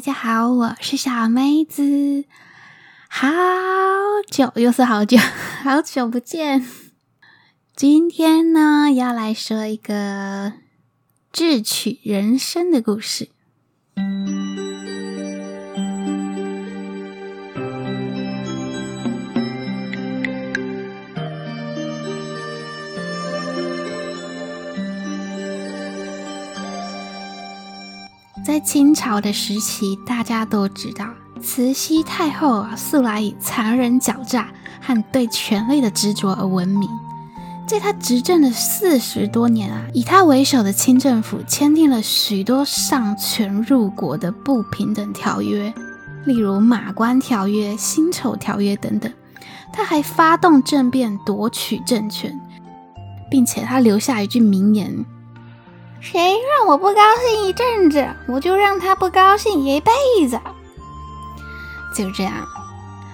大家好，我是小梅子，好久，又是好久，好久不見。今天呢，要來說一個智取人參的故事。清朝的時期，大家都知道慈禧太後啊，素來以殘忍、狡詐和對權力的執着而聞名。在她執政的四十多年啊，以她為首的清政府簽訂了許多喪權辱國的不平等條約，例如《馬關條約》、《辛丑條約》等等。她還發動政變奪取政權，並且她留下一句名言。誰讓我不高興一陣子，我就讓他不高興一輩子。就這樣，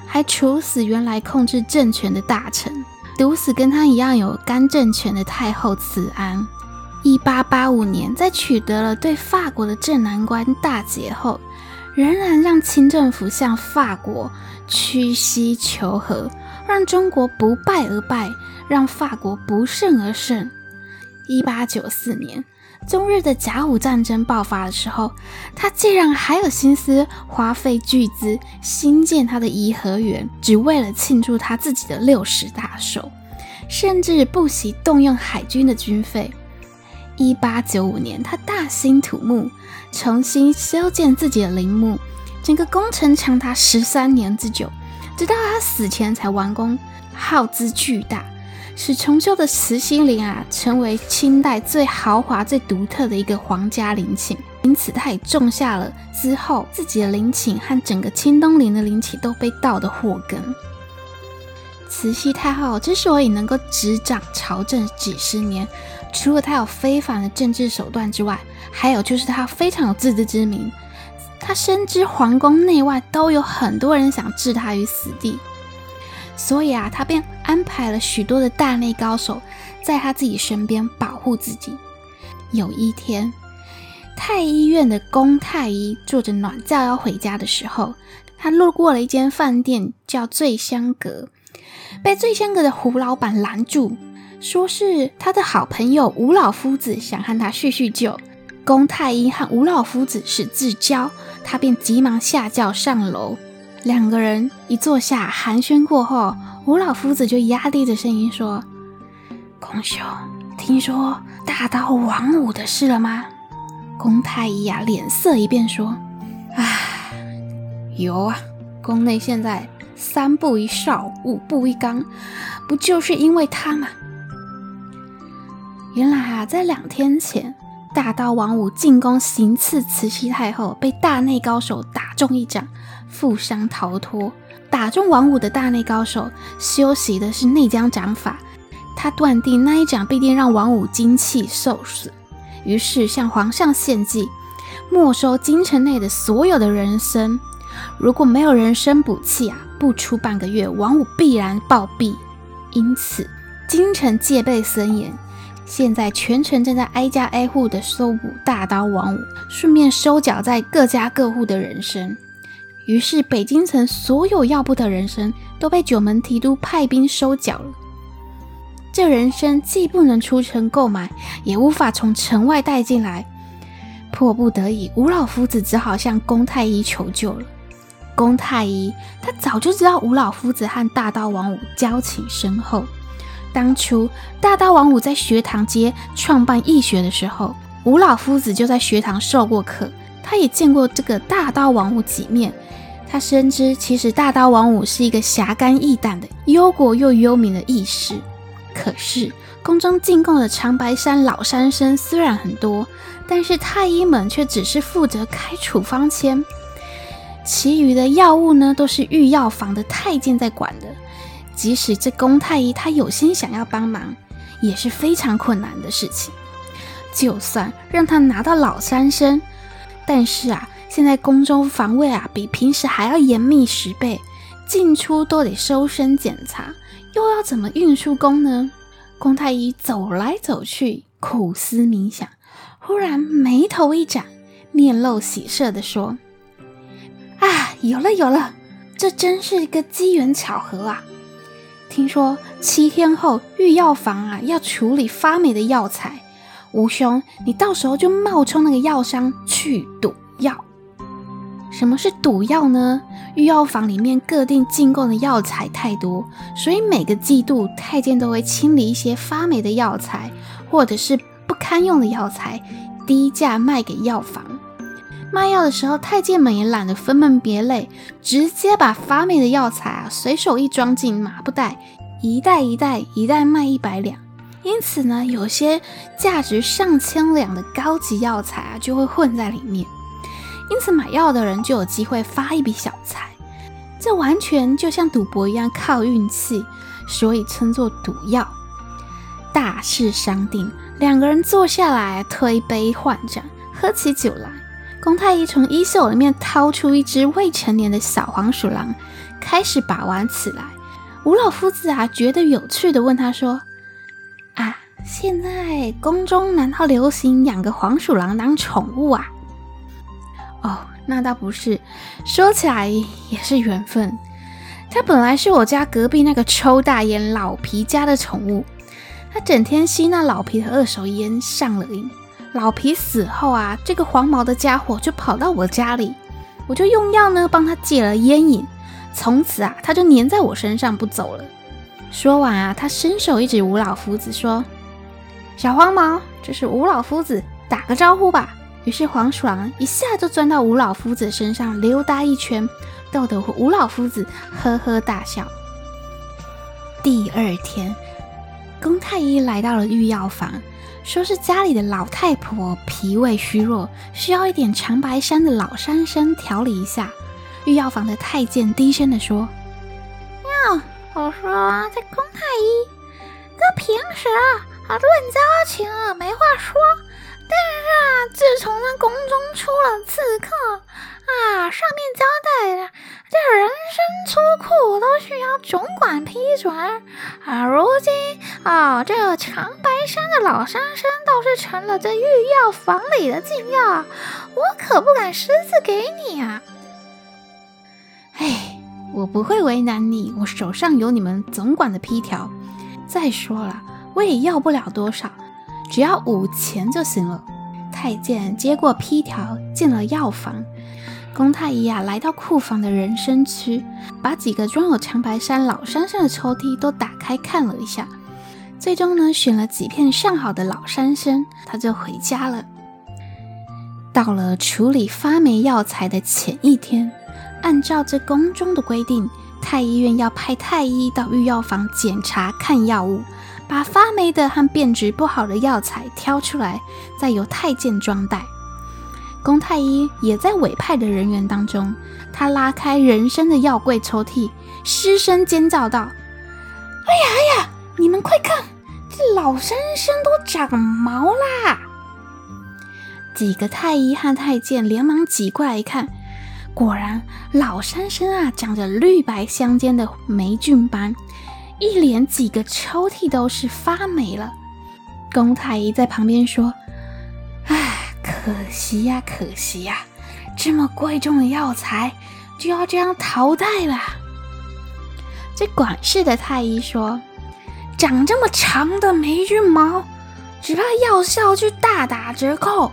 還處死原來控制政權的大臣，毒死跟他一樣有干政權的太后慈安。一八八五年，在取得了對法國的鎮南關大捷後，仍然讓清政府向法國屈膝求和，讓中國不敗而敗，讓法國不勝而勝。一八九四年。中日的甲午戰爭爆發的時候，他竟然還有心思花費巨資興建他的頤和園，只為了慶祝他自己的六十大壽，甚至不惜動用海軍的軍費。一八九五年，他大興土木，重新修建自己的陵墓，整個工程長達十三年之久，直到他死前才完工，耗資巨大。使重修的慈禧陵啊，成為清代最豪華、最獨特的一個皇家陵寢。因此，他也種下了之後自己的陵寢和整個清東陵的陵寢都被盜的禍根。慈禧太后之所以能夠執掌朝政幾十年，除了她有非凡的政治手段之外，還有就是她非常有自知之明。她深知皇宮內外都有很多人想置她於死地，所以啊，她便。安排了許多的大內高手在他自己身邊保護自己。有一天，太醫院的宮太醫坐着暖轎要回家的時候，他路過了一間飯店，叫醉香閣，被醉香閣的胡老板攔住，說是他的好朋友吳老夫子想和他敘敘舊。宮太醫和吳老夫子是至交，他便急忙下轎上樓。兩個人一坐下寒暄過後。吳老夫子就壓低着聲音說：“宮兄，聽說大刀王五的事了嗎？”宮太醫啊臉色一變說：“唉，有啊，宮內現在三步一哨，五步一崗，不就是因為他嗎？”原來啊，在兩天前，大刀王五進宮行刺慈禧太後，被大內高手打中一掌，負傷逃脫。打中王五的大內高手，修習的是內江掌法。他斷定那一掌必定讓王五精氣受損，於是向皇上獻計，沒收京城內的所有的人參。如果沒有人參補氣啊，不出半個月，王五必然暴斃。因此，京城戒備森嚴，現在全城正在挨家挨戶的搜捕大刀王五，順便收繳在各家各戶的人參。於是，北京城所有藥鋪的人參都被九門提督派兵收繳了。這人參既不能出城購買，也無法從城外帶進來。迫不得已，吳老夫子只好向宮太醫求救了。宮太醫他早就知道吳老夫子和大刀王五交情深厚。當初大刀王五在學堂街創辦義學的時候，吳老夫子就在學堂授過課。他也見過這個大刀王五幾面，他深知其實大刀王五是一個俠肝義膽的憂國又憂民的義士。可是宮中進貢的長白山老山參雖然很多，但是太醫們卻只是負責開處方箋，其餘的藥物呢，都是御藥房的太監在管的。即使這宮太醫他有心想要幫忙，也是非常困難的事情。就算讓他拿到老山參，但是啊，現在宮中防衛啊，比平時還要嚴密十倍，進出都得搜身檢查，又要怎麼運出宮呢？宮太醫走來走去，苦思冥想，忽然眉頭一展，面露喜色地說：“啊，有了有了，這真是一個機緣巧合啊！聽說七天後御藥房啊要處理發霉的藥材。”吳兄，你到時候就冒充那個藥商去賭藥。什麼是賭藥呢？御藥房裡面各地進貢的藥材太多，所以每個季度太監都會清理一些發霉的藥材，或者是不堪用的藥材，低價賣給藥房。賣藥的時候，太監們也懶得分門別類，直接把發霉的藥材啊隨手一裝進麻布袋，一袋一袋，一袋賣一百兩。因此呢，有些價值上千兩的高級藥材啊，就會混在裡面。因此買藥的人就有機會發一筆小財，這完全就像賭博一樣靠運氣，所以稱作賭藥。大事商定，兩個人坐下來推杯換盞，喝起酒來。宮太醫從衣袖裡面掏出一隻未成年的小黃鼠狼，開始把玩起來。吳老夫子啊，覺得有趣的問他說。現在宮中難道流行養個黃鼠狼當寵物啊？哦，那倒不是。說起來也是緣分，他本來是我家隔壁那個抽大煙老皮家的寵物，他整天吸那老皮的二手煙上了癮。老皮死後啊，這個黃毛的家伙就跑到我家裡，我就用藥呢幫他戒了煙癮，從此啊，他就粘在我身上不走了。說完啊，他伸手一指吳老夫子說。小黃毛，這、就是吳老夫子，打個招呼吧。於是黃鼠狼一下就鑽到吳老夫子身上溜達一圈，逗得吳老夫子呵呵大笑。第二天，公太醫來到了御藥房，說是家裡的老太婆脾胃虛弱，需要一點長白山的老山參調理一下。御藥房的太監低聲的說：“喲，我說這、啊、公太醫，擱平時……”啊。啊，論交情啊，沒話說。但是啊，自從那宮中出了刺客啊，上面交代的這人參出庫都需要總管批准。啊，如今啊，這個、長白山的老山參倒是成了這御藥房裡的禁藥，我可不敢私自給你啊。哎，我不會為難你，我手上有你們總管的批條。再說了，我也要不了多少，只要五錢就行了。太監接過批條，進了藥房。公太醫啊，來到庫房的人參區，把幾個裝有長白山老山參的抽屜都打開看了一下，最終呢，選了幾片上好的老山參，他就回家了。到了處理發霉藥材的前一天，按照這宮中的規定，太醫院要派太醫到御藥房檢查看藥物。把發霉的和變質不好的藥材挑出來，再由太監裝袋。公太醫也在委派的人員當中，他拉開人參的藥櫃抽屜，失聲尖叫道：“哎呀哎呀，你們快看，這老山參都長毛啦！”幾個太醫和太監連忙擠過來一看，果然老山參啊，長着綠白相間的霉菌斑。一連幾個抽屜都是發霉了。宮太醫在旁邊說：“哎，可惜呀、啊，可惜呀、啊，這麼貴重的藥材就要這樣淘汰了。”這管事的太醫說：“長這麼長的霉菌毛，只怕藥效就大打折扣。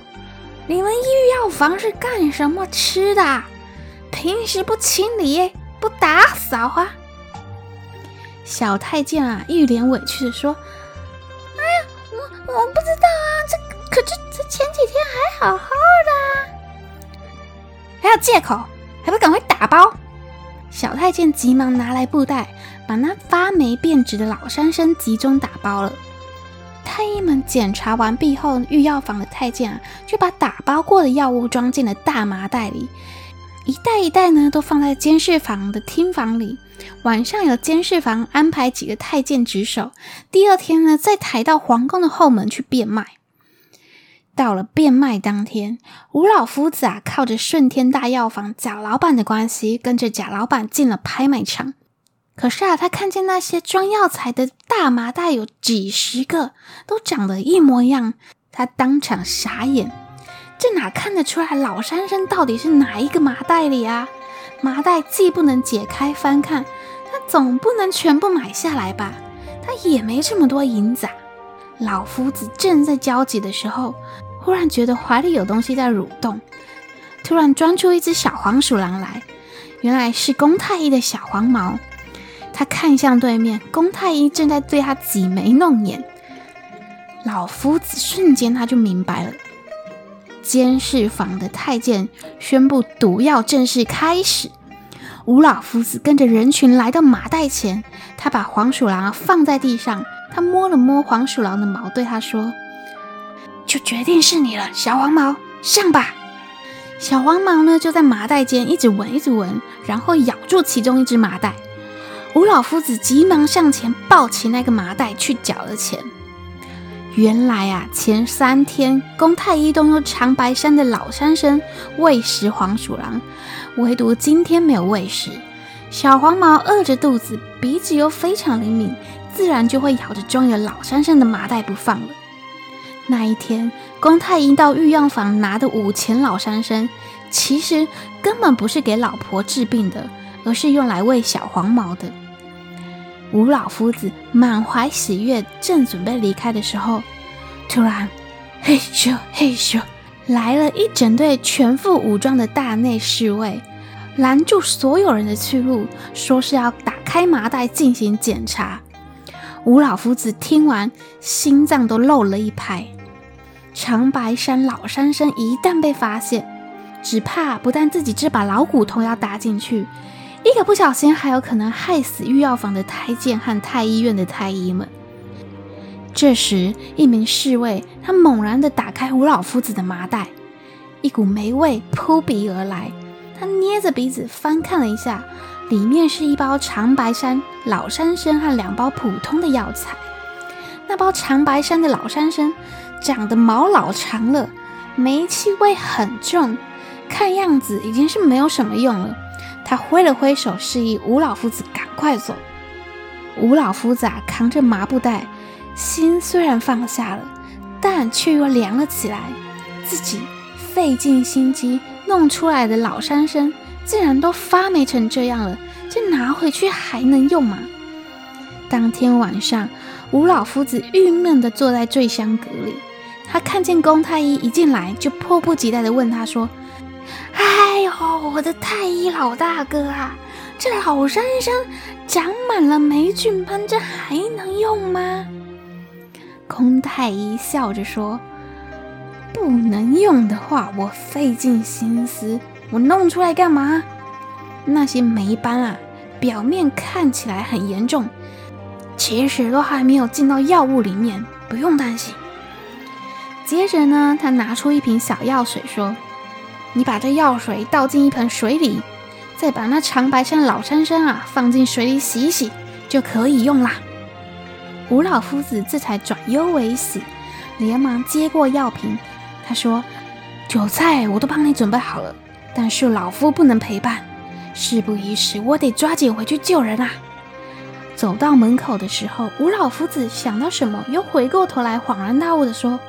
你們御藥房是幹什麼吃的？平時不清理、不打掃啊？”小太監啊，一臉委屈的說：“哎呀，我我不知道啊，這可這這前幾天還好好的啊。還有借口，還不趕快打包！”小太監急忙拿來布袋，把那發霉變質的老山參集中打包了。太醫們檢查完畢後，御藥房的太監啊，就把打包過的藥物裝進了大麻袋裡，一袋一袋呢，都放在監視房的廳房裡。晚上有監視房安排幾個太監值守，第二天呢再抬到皇宮的後門去變賣。到了變賣當天，吳老夫子啊靠着順天大藥房賈老板的關係，跟着賈老板進了拍賣場。可是啊，他看見那些裝藥材的大麻袋有幾十個，都長得一模一樣，他當場傻眼，這哪看得出來老山參到底是哪一個麻袋裡啊？麻袋既不能解開翻看，他總不能全部買下來吧？他也沒這麼多銀子啊。老夫子正在焦急的時候，忽然覺得懷裡有東西在蠕動，突然鑽出一只小黃鼠狼來。原來是宮太醫的小黃毛。他看向對面，宮太醫正在對他擠眉弄眼。老夫子瞬間他就明白了。監視房的太監宣布毒藥正式開始。吳老夫子跟着人群來到麻袋前，他把黃鼠狼放在地上，他摸了摸黃鼠狼的毛，對他說：“就決定是你了，小黃毛，上吧。”小黃毛呢就在麻袋間一直聞，一直聞，然後咬住其中一隻麻袋。吳老夫子急忙向前抱起那個麻袋去繳了錢。原來啊，前三天宮太醫都用長白山的老山參喂食黃鼠狼，唯獨今天沒有餵食。小黃毛餓着肚子，鼻子又非常靈敏，自然就會咬着裝有老山參的麻袋不放了。那一天，宮太醫到御藥房拿的五錢老山參，其實根本不是給老婆治病的，而是用來喂小黃毛的。吳老夫子滿懷喜悅，正準備離開的時候，突然，嘿咻嘿咻，來了一整隊全副武裝的大內侍衛，攔住所有人的去路，說是要打開麻袋進行檢查。吳老夫子聽完，心臟都漏了一拍。長白山老山參一旦被發現，只怕不但自己這把老骨頭要搭進去。一個不小心，還有可能害死御藥房的太監和太醫院的太醫們。這時，一名侍衛他猛然地打開吳老夫子的麻袋，一股霉味撲鼻而來。他捏着鼻子翻看了一下，裡面是一包長白山老山參和兩包普通的藥材。那包長白山的老山參長得毛老長了，霉氣味很重，看樣子已經是沒有什麼用了。他揮了揮手，示意吳老夫子趕快走。吳老夫子、啊、扛着麻布袋，心雖然放下了，但卻又涼了起來。自己費盡心機弄出來的老山參，竟然都發霉成這樣了，這拿回去還能用嗎？當天晚上，吳老夫子鬱悶地坐在醉香閣裡。他看見宮太醫一進來，就迫不及待地問他說。哎呦，我的太醫老大哥啊，這老山參長滿了黴菌斑，這還能用嗎？空太醫笑着說：“不能用的話，我費盡心思我弄出來幹嘛？那些黴斑啊，表面看起來很嚴重，其實都還沒有進到藥物裡面，不用擔心。”接着呢，他拿出一瓶小藥水說。你把這藥水倒進一盆水裡，再把那長白山老山參啊放進水裡洗洗，就可以用啦。吳老夫子這才轉憂為喜，連忙接過藥瓶。他說：“韭菜我都幫你準備好了，但恕老夫不能陪伴，事不宜遲，我得抓緊回去救人啊！”走到門口的時候，吳老夫子想到什麼，又回過頭來，恍然大悟地說：“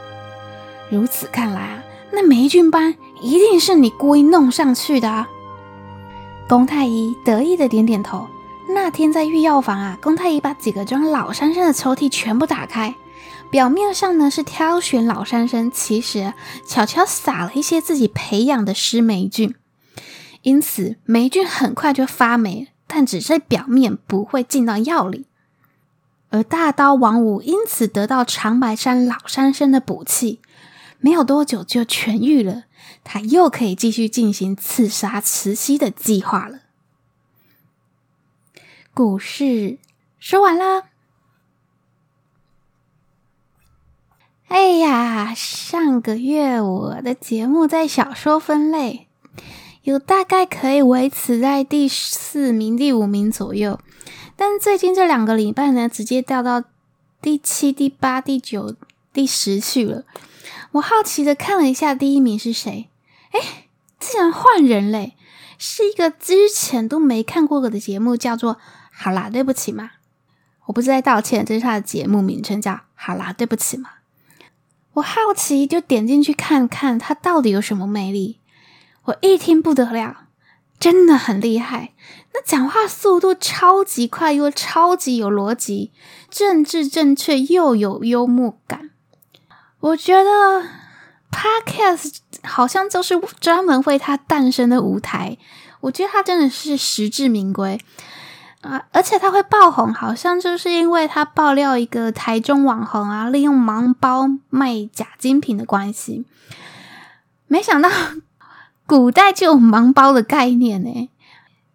如此看來啊，那霉菌斑……”一定是你故意弄上去的，啊。龔太醫得意的點點頭。那天在御藥房啊，龔太醫把幾個裝老山參的抽屜全部打開，表面上呢是挑選老山參，其實、啊、悄悄撒了一些自己培養的濕黴菌，因此黴菌很快就發霉，但只是表面不會進到藥裡，而大刀王五因此得到長白山老山參的補氣，沒有多久就痊癒了。他又可以繼續進行刺殺慈禧的計劃了。故事說完啦，哎呀，上個月我的節目在小說分類有大概可以維持在第四名、第五名左右，但最近這兩個禮拜呢，直接掉到第七、第八、第九、第十去了。我好奇的看了一下第一名是誰，哎，竟然換人嘞！是一個之前都沒看過過的節目，叫做“好啦，對不起嘛”。我不是在道歉，這是他的節目名稱，叫“好啦，對不起嘛”。我好奇就點進去看看他到底有什麼魅力？我一聽不得了，真的很厲害！那講話速度超級快，又超級有邏輯，政治正確又有幽默感。我覺得 podcast 好像就是專門為他誕生的舞台，我覺得他真的是實至名歸啊、呃！而且他會爆紅，好像就是因為他爆料一個台中網紅啊，利用盲包賣假精品的關係。沒想到古代就有盲包的概念呢。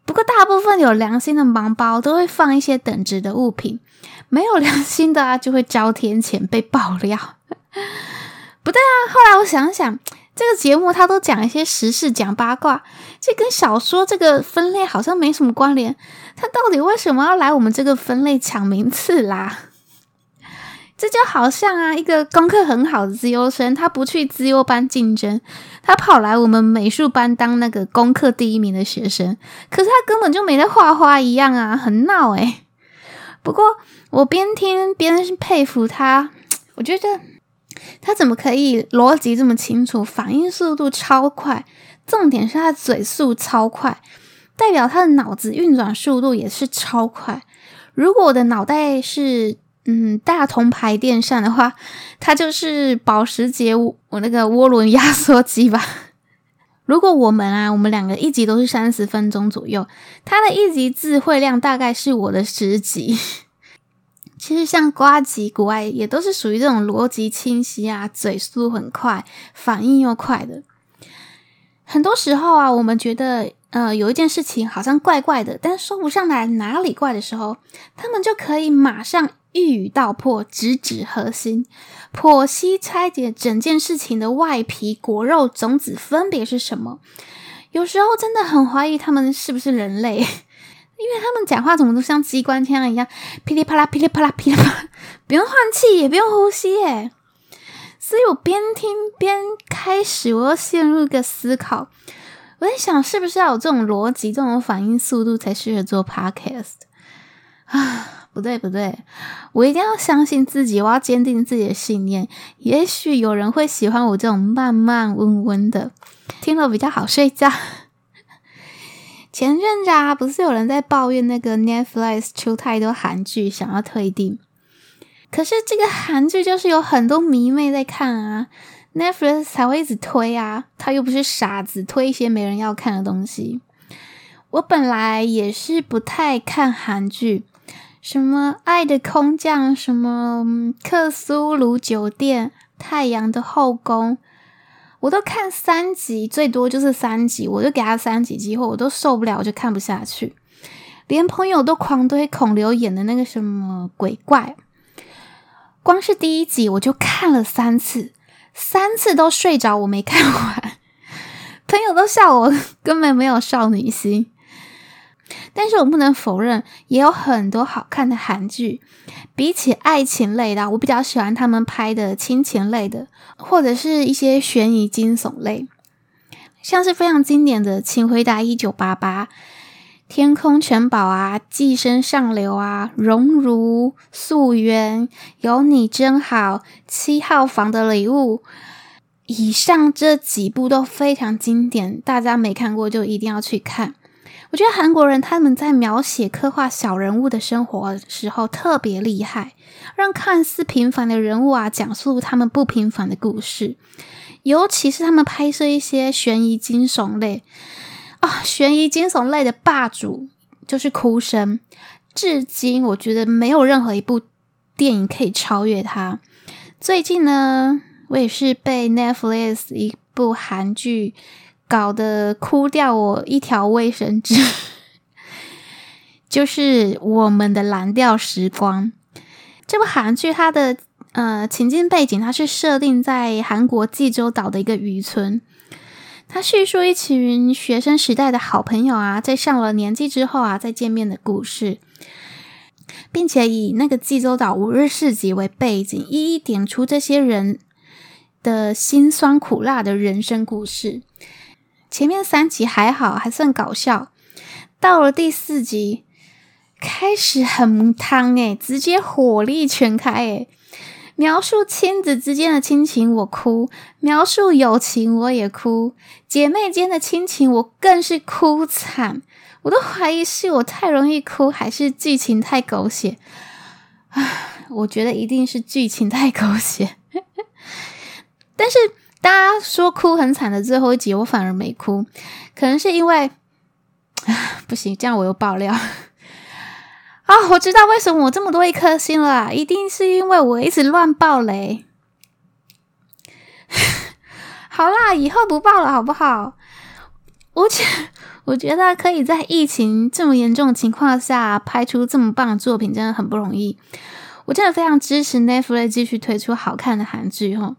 不過大部分有良心的盲包都會放一些等值的物品，沒有良心的啊，就會遭天譴被爆料。不對啊！後來我想想，這個節目他都講一些時事、講八卦，這跟小說這個分類好像沒什麼關聯。他到底為什麼要來我們這個分類搶名次啦？這就好像啊，一個功課很好的資優生，他不去資優班競爭，他跑來我們美術班當那個功課第一名的學生，可是他根本就沒在畫畫一樣啊，很鬧哎、欸。不過我邊聽邊佩服他，我覺得。他怎麼可以邏輯這麼清楚，反應速度超快，重點是他嘴速超快，代表他的腦子運轉速度也是超快。如果我的腦袋是，嗯，大同牌電扇的話，他就是保時捷，我那個渦輪壓縮機吧。如果我們啊，我們兩個一集都是三十分鐘左右，他的一集智慧量大概是我的十集。其實像呱吉、股癌，也都是屬於這種邏輯清晰啊、嘴速很快、反應又快的。很多時候啊，我們覺得呃有一件事情好像怪怪的，但說不上來哪裡怪的時候，他們就可以馬上一語道破，直指核心，剖析拆解整件事情的外皮、果肉、種子分別是什麼。有時候真的很懷疑他們是不是人類。因為他們講話怎麼都像機關槍一樣，噼里啪啦、噼里啪啦、噼里啪啦，不用換氣也不用呼吸誒。所以我邊聽邊開始，我要陷入一個思考。我在想，是不是要有這種邏輯、這種反應速度才適合做 podcast 啊？不對不對，我一定要相信自己，我要堅定自己的信念。也許有人會喜歡我這種慢慢溫溫的，聽了比較好睡覺。前陣子啊，不是有人在抱怨那個 Netflix 出太多韓劇，想要退訂。可是這個韓劇就是有很多迷妹在看啊，Netflix 才會一直推啊，他又不是傻子，推一些沒人要看的東西。我本來也是不太看韓劇，什麼《愛的空降》，什麼，嗯，《克蘇魯酒店》，《太陽的後宮》。我都看三集，最多就是三集，我就給他三集機會，我都受不了，我就看不下去。連朋友都狂推孔劉演的那個什麼鬼怪，光是第一集我就看了三次，三次都睡着，我沒看完，朋友都笑我根本沒有少女心。但是我不能否認，也有很多好看的韓劇。比起愛情類的，我比較喜歡他們拍的親情類的，或者是一些懸疑驚悚類，像是非常經典的《請回答一九八八》《天空城堡》啊，《寄生上流》啊，《熔爐》《素媛》《有你真好》《七號房的禮物》。以上這幾部都非常經典，大家沒看過就一定要去看。我覺得韓國人他們在描寫刻畫小人物的生活的時候特別厲害，讓看似平凡的人物啊講述他們不平凡的故事。尤其是他們拍攝一些懸疑驚悚類啊、哦，懸疑驚悚類的霸主就是《哭聲》，至今我覺得沒有任何一部電影可以超越它。最近呢，我也是被 Netflix 一部韓劇，搞得哭掉我一條衛生紙。 就是我們的藍調時光這部韓劇，它的呃，情境背景，它是設定在韓國濟州島的一個漁村。它敘述一群學生時代的好朋友啊，在上了年紀之後啊再見面的故事，並且以那個濟州島五日市集為背景，一一點出這些人的辛酸苦辣的人生故事。前面三集還好，還算搞笑。到了第四集，開始很湯誒，直接火力全開誒。描述親子之間的親情，我哭；描述友情，我也哭；姐妹間的親情，我更是哭慘。我都懷疑是我太容易哭，還是劇情太狗血？啊，我覺得一定是劇情太狗血。 但是。大家說哭很慘的最後一集，我反而沒哭，可能是因為……不行，這樣我又爆料啊、哦！我知道為什麼我這麼多一顆星了，一定是因為我一直亂爆雷。 好啦，以後不爆了好不好？我我覺得可以在疫情這麼嚴重的情況下拍出這麼棒的作品，真的很不容易。我真的非常支持 Netflix 繼續推出好看的韓劇哈。哦。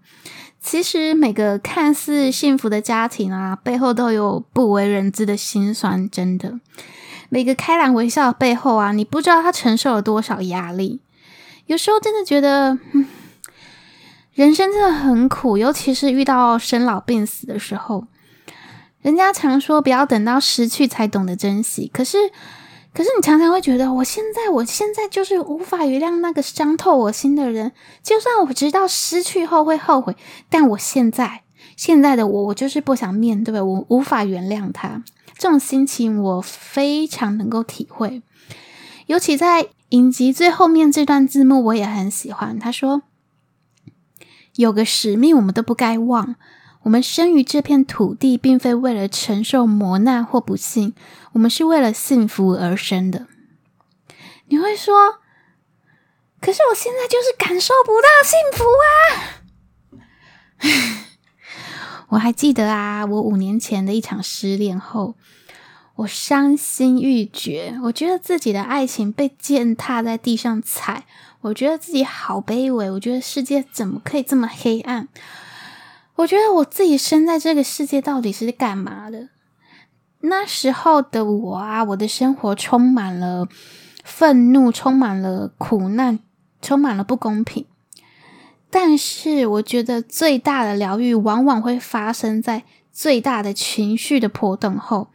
其實每個看似幸福的家庭啊，背後都有不為人知的心酸。真的，每個開朗微笑的背後啊，你不知道他承受了多少壓力。有時候真的覺得，嗯，人生真的很苦，尤其是遇到生老病死的時候。人家常說，不要等到失去才懂得珍惜。可是。可是你常常會覺得，我現在我現在就是無法原諒那個傷透我心的人。就算我知道失去後會後悔，但我現在現在的我，我就是不想面對，我無法原諒他。這種心情我非常能夠體會。尤其在影集最後面這段字幕，我也很喜歡。他說：“有個使命，我們都不該忘。”我們生於這片土地，並非為了承受磨難或不幸，我們是為了幸福而生的。你會說，可是我現在就是感受不到幸福啊！ 我還記得啊，我五年前的一場失戀後，我傷心欲絕，我覺得自己的愛情被踐踏在地上踩，我覺得自己好卑微，我覺得世界怎麼可以這麼黑暗。我覺得我自己生在這個世界到底是幹嘛的？那時候的我啊，我的生活充滿了憤怒，充滿了苦難，充滿了不公平。但是，我覺得最大的療癒往往會發生在最大的情緒的波動後，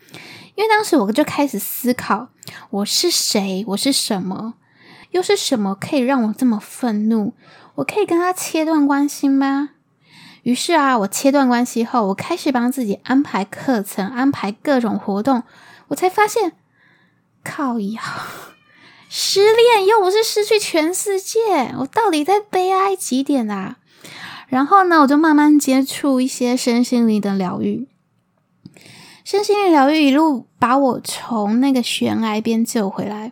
因為當時我就開始思考：我是誰？我是什麼？又是什麼可以讓我這麼憤怒？我可以跟他切斷關係嗎？於是啊，我切斷關係後，我開始幫自己安排課程，安排各種活動。我才發現，靠，失戀又不是失去全世界，我到底在悲哀幾點啊？然後呢，我就慢慢接觸一些身心靈的療癒，身心靈療癒一路把我從那個懸崖邊救回來，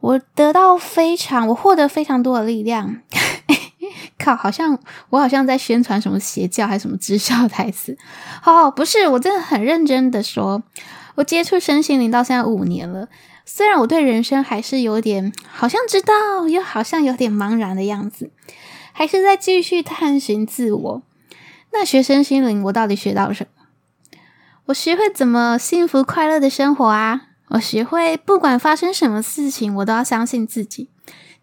我得到非常，我獲得非常多的力量。靠，好像我好像在宣傳什麼邪教還是什麼直銷台詞？哦、oh，不是，我真的很認真的說，我接觸身心靈到現在五年了，雖然我對人生還是有點好像知道，又好像有點茫然的樣子，還是在繼續探尋自我。那學身心靈，我到底學到了什麼？我學會怎麼幸福快樂的生活啊！我學會不管發生什麼事情，我都要相信自己。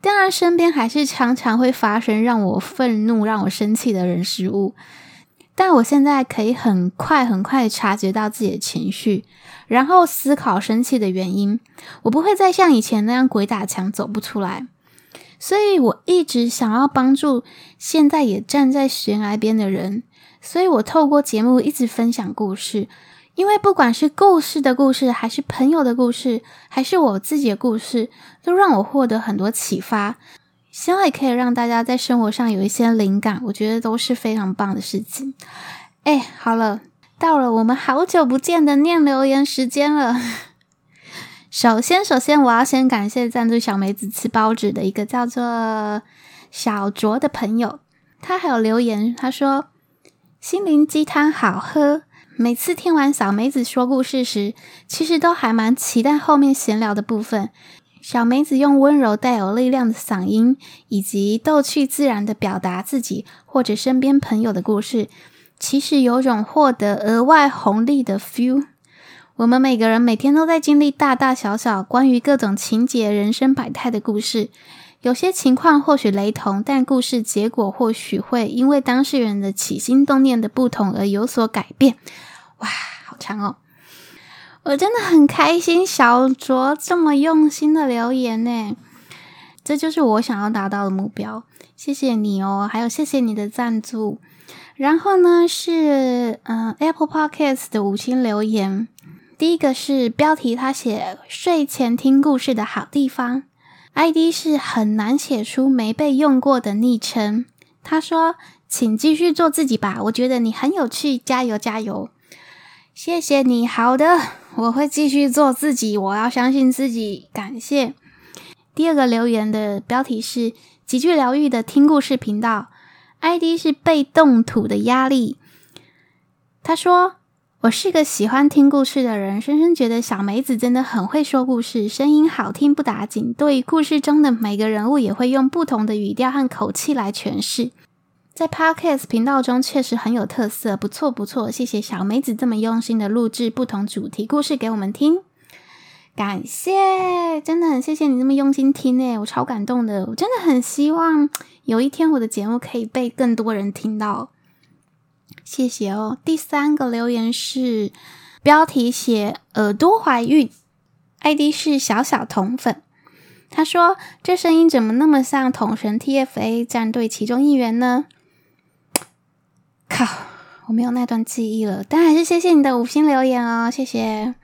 當然，身邊還是常常會發生讓我憤怒、讓我生氣的人事物。但我現在可以很快、很快察覺到自己的情緒，然後思考生氣的原因，我不會再像以前那樣鬼打牆走不出來。所以，我一直想要幫助現在也站在懸崖邊的人，所以我透過節目一直分享故事。因為不管是故事的故事，還是朋友的故事，還是我自己的故事，都讓我獲得很多啟發。希望也可以讓大家在生活上有一些靈感，我覺得都是非常棒的事情。哎，好了，到了我們好久不見的念留言時間了。首先，首先我要先感謝贊助小梅子吃包子的一個叫做小卓的朋友，他還有留言，他說：“心靈雞湯好喝。”每次聽完小梅子說故事時，其實都還蠻期待後面閒聊的部分。小梅子用溫柔帶有力量的嗓音，以及逗趣自然的表達自己或者身邊朋友的故事，其實有種獲得額外紅利的 feel。我們每個人每天都在經歷大大小小關於各種情節、人生百態的故事，有些情況或許雷同，但故事結果或許會因為當事人的起心動念的不同而有所改變。哇，好強哦！我真的很開心，小卓這麼用心的留言呢。這就是我想要達到的目標。謝謝你哦，還有謝謝你的贊助。然後呢，是，嗯，Apple Podcast 的五星留言。第一個是標題，他寫“睡前聽故事的好地方”。ID 是很難寫出沒被用過的昵稱。他說：“請繼續做自己吧，我覺得你很有趣，加油加油。”謝謝你。好的，我會繼續做自己。我要相信自己。感謝第二個留言的標題是“極具療癒的聽故事頻道 ”，ID 是被動土的壓力。他說：“我是個喜歡聽故事的人，深深覺得小梅子真的很會說故事，聲音好聽不打緊，對於故事中的每個人物，也會用不同的語調和口氣來詮釋。”在 Podcast 頻道中確實很有特色，不錯不錯，謝謝小梅子這麼用心的錄制不同主題故事給我們聽，感謝，真的很謝謝你這麼用心聽誒，我超感動的，我真的很希望有一天我的節目可以被更多人聽到，謝謝哦。第三個留言是標題寫耳朵、呃、懷孕，ID 是小小統粉，他說這聲音怎麼那麼像統神 T F A 戰隊其中一員呢？靠，我沒有那段記憶了。但還是謝謝你的五星留言哦，謝謝。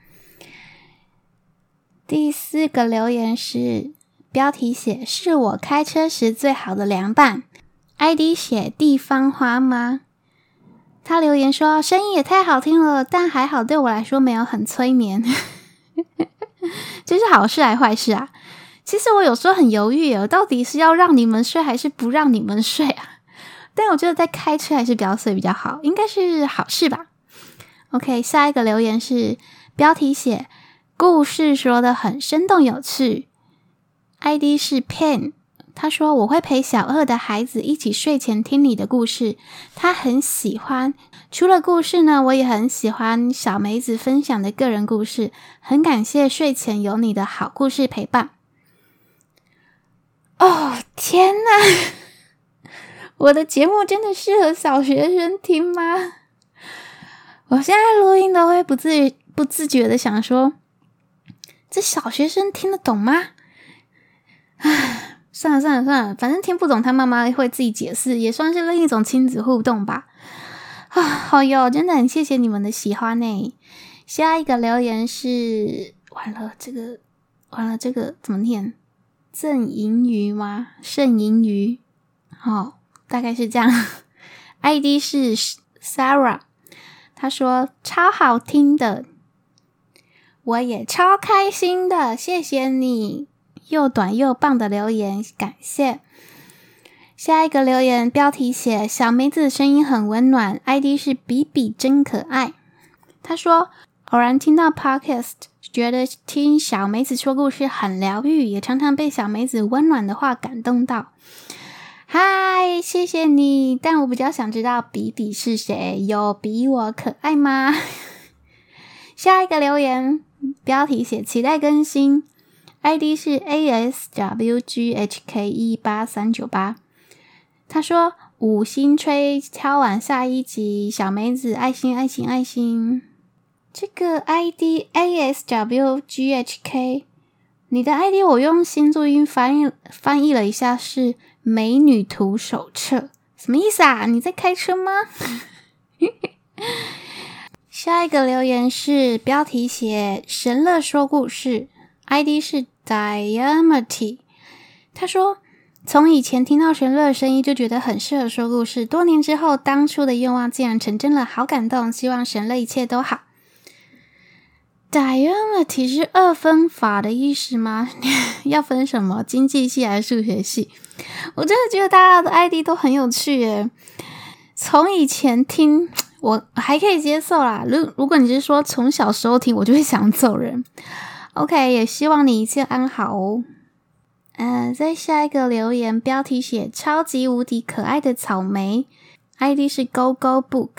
第四個留言是標題寫“是我開車時最好的良伴 ”，ID 寫“地方花嗎”？他留言說：“聲音也太好聽了，但還好對我來說沒有很催眠。 ”這是好事還是壞事啊？其實我有時候很猶豫，我到底是要讓你們睡還是不讓你們睡啊？但我覺得在開車還是比較睡比較好，應該是好事吧。OK，下一個留言是標題寫，故事說得很生動有趣，ID 是 Pen，他說，我會陪小二的孩子一起睡前聽你的故事，他很喜歡。除了故事呢，我也很喜歡小梅子分享的個人故事，很感謝睡前有你的好故事陪伴。哦、oh, 天哪！ 我的節目真的適合小學生聽嗎？我現在錄音都會不自不自覺的想說，這小學生聽得懂嗎？唉，算了算了算了，反正聽不懂，他媽媽會自己解釋，也算是另一種親子互動吧。啊，好喲，真的很謝謝你們的喜歡呢、欸。下一個留言是，完了這個，完了這個怎麼念？贈銀魚嗎？贈銀魚，好、哦。大概是這樣，I D 是 Sarah，他說超好聽的，我也超開心的，謝謝你。又短又棒的留言，感謝。下一個留言標題寫小梅子聲音很溫暖，I D 是比比真可愛，他說偶然聽到 Podcast，覺得聽小梅子說故事很療癒，也常常被小梅子溫暖的話感動到。嗨，Hi, 謝謝你，但我比較想知道比比是誰，有比我可愛嗎？ 下一個留言標題寫期待更新，I D 是 A S W G H K 一八三九八。他說五星吹，敲完下一集，小梅子愛心愛心愛心。這個 I D A S W G H K，你的 I D 我用新作音翻譯翻譯了一下是。美女圖手冊什麼意思啊？你在開車嗎？ 下一個留言是標題寫“神樂說故事 ”，ID 是 Diamity，他說：“從以前聽到神樂的聲音，就覺得很適合說故事。多年之後，當初的願望竟然成真了，好感動！希望神樂一切都好。”咋樣了？提示二分法的意思嗎？ 要分什麼？經濟系還是數學系？我真的覺得大家的 ID 都很有趣誒。從以前聽，我還可以接受啦。如果如果，你是說從小時候聽，我就會想走人。OK，也希望你一切安好哦。嗯、呃，在下一個留言標題寫“超級無敵可愛的草莓 ”，ID 是 GoGoBook。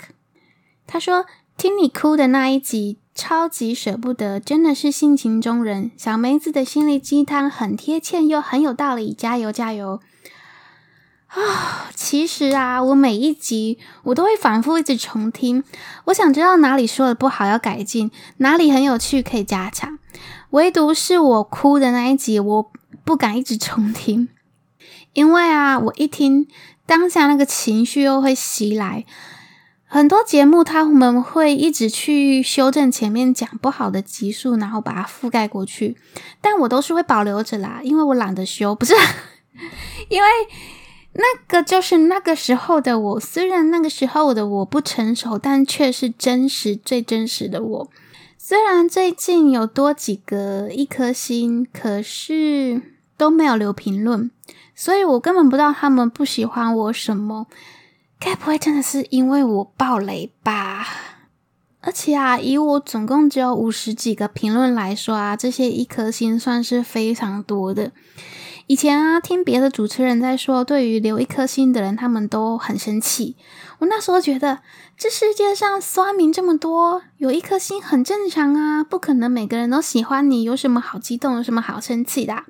他說：“聽你哭的那一集。”超級舍不得，真的是性情中人。小梅子的心靈雞湯很貼切又很有道理，加油加油！哦，其實啊，我每一集我都會反覆一直重聽，我想知道哪裡說的不好要改進，哪裡很有趣可以加強。唯獨是我哭的那一集，我不敢一直重聽，因為啊，我一聽，當下那個情緒又會襲來。很多節目他們會一直去修正前面講不好的集數，然後把它覆蓋過去。但我都是會保留着啦，因為我懶得修。不是， 因為那個就是那個時候的我。雖然那個時候的我不成熟，但卻是真實最真實的我。雖然最近有多幾個一顆星，可是都沒有留評論，所以我根本不知道他們不喜歡我什麼。該不會真的是因為我暴雷吧？而且啊，以我總共只有五十幾個評論來說啊，這些一顆星算是非常多的。以前啊，聽別的主持人在說，對於留一顆星的人，他們都很生氣。我那時候覺得，這世界上酸民這麼多，有一顆星很正常啊，不可能每個人都喜歡你，有什麼好激動，有什麼好生氣的啊？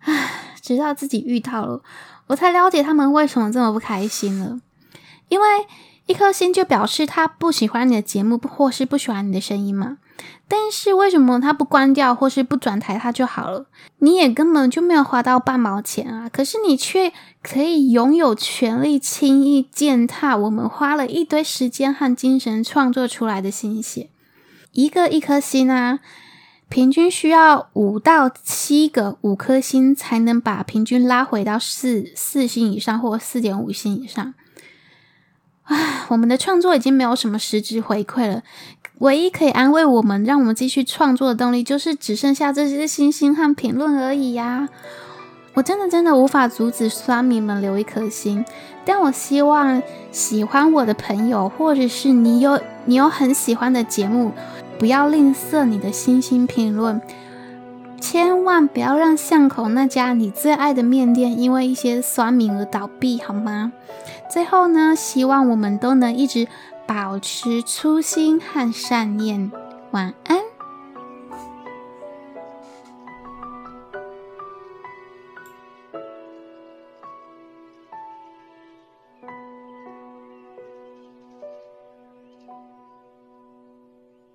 唉，直到自己遇到了。我才了解他們為什麼這麼不開心了，因為一顆星就表示他不喜歡你的節目，或是不喜歡你的聲音嘛。但是為什麼他不關掉或是不轉台，他就好了？你也根本就沒有花到半毛錢啊，可是你卻可以擁有權利，輕易踐踏我們花了一堆時間和精神創作出來的心血，一個一顆星啊。平均需要五到七個五顆星才能把平均拉回到四四星以上或四點五星以上。唉，我們的創作已經沒有什麼實質回饋了，唯一可以安慰我們、讓我們繼續創作的動力，就是只剩下這些星星和評論而已呀、啊！我真的真的無法阻止酸民們留一顆星，但我希望喜歡我的朋友，或者是你有你有很喜歡的節目。不要吝嗇你的星星評論，千萬不要讓巷口那家你最愛的麵店因為一些酸民而倒閉，好嗎？最後呢，希望我們都能一直保持初心和善念。晚安。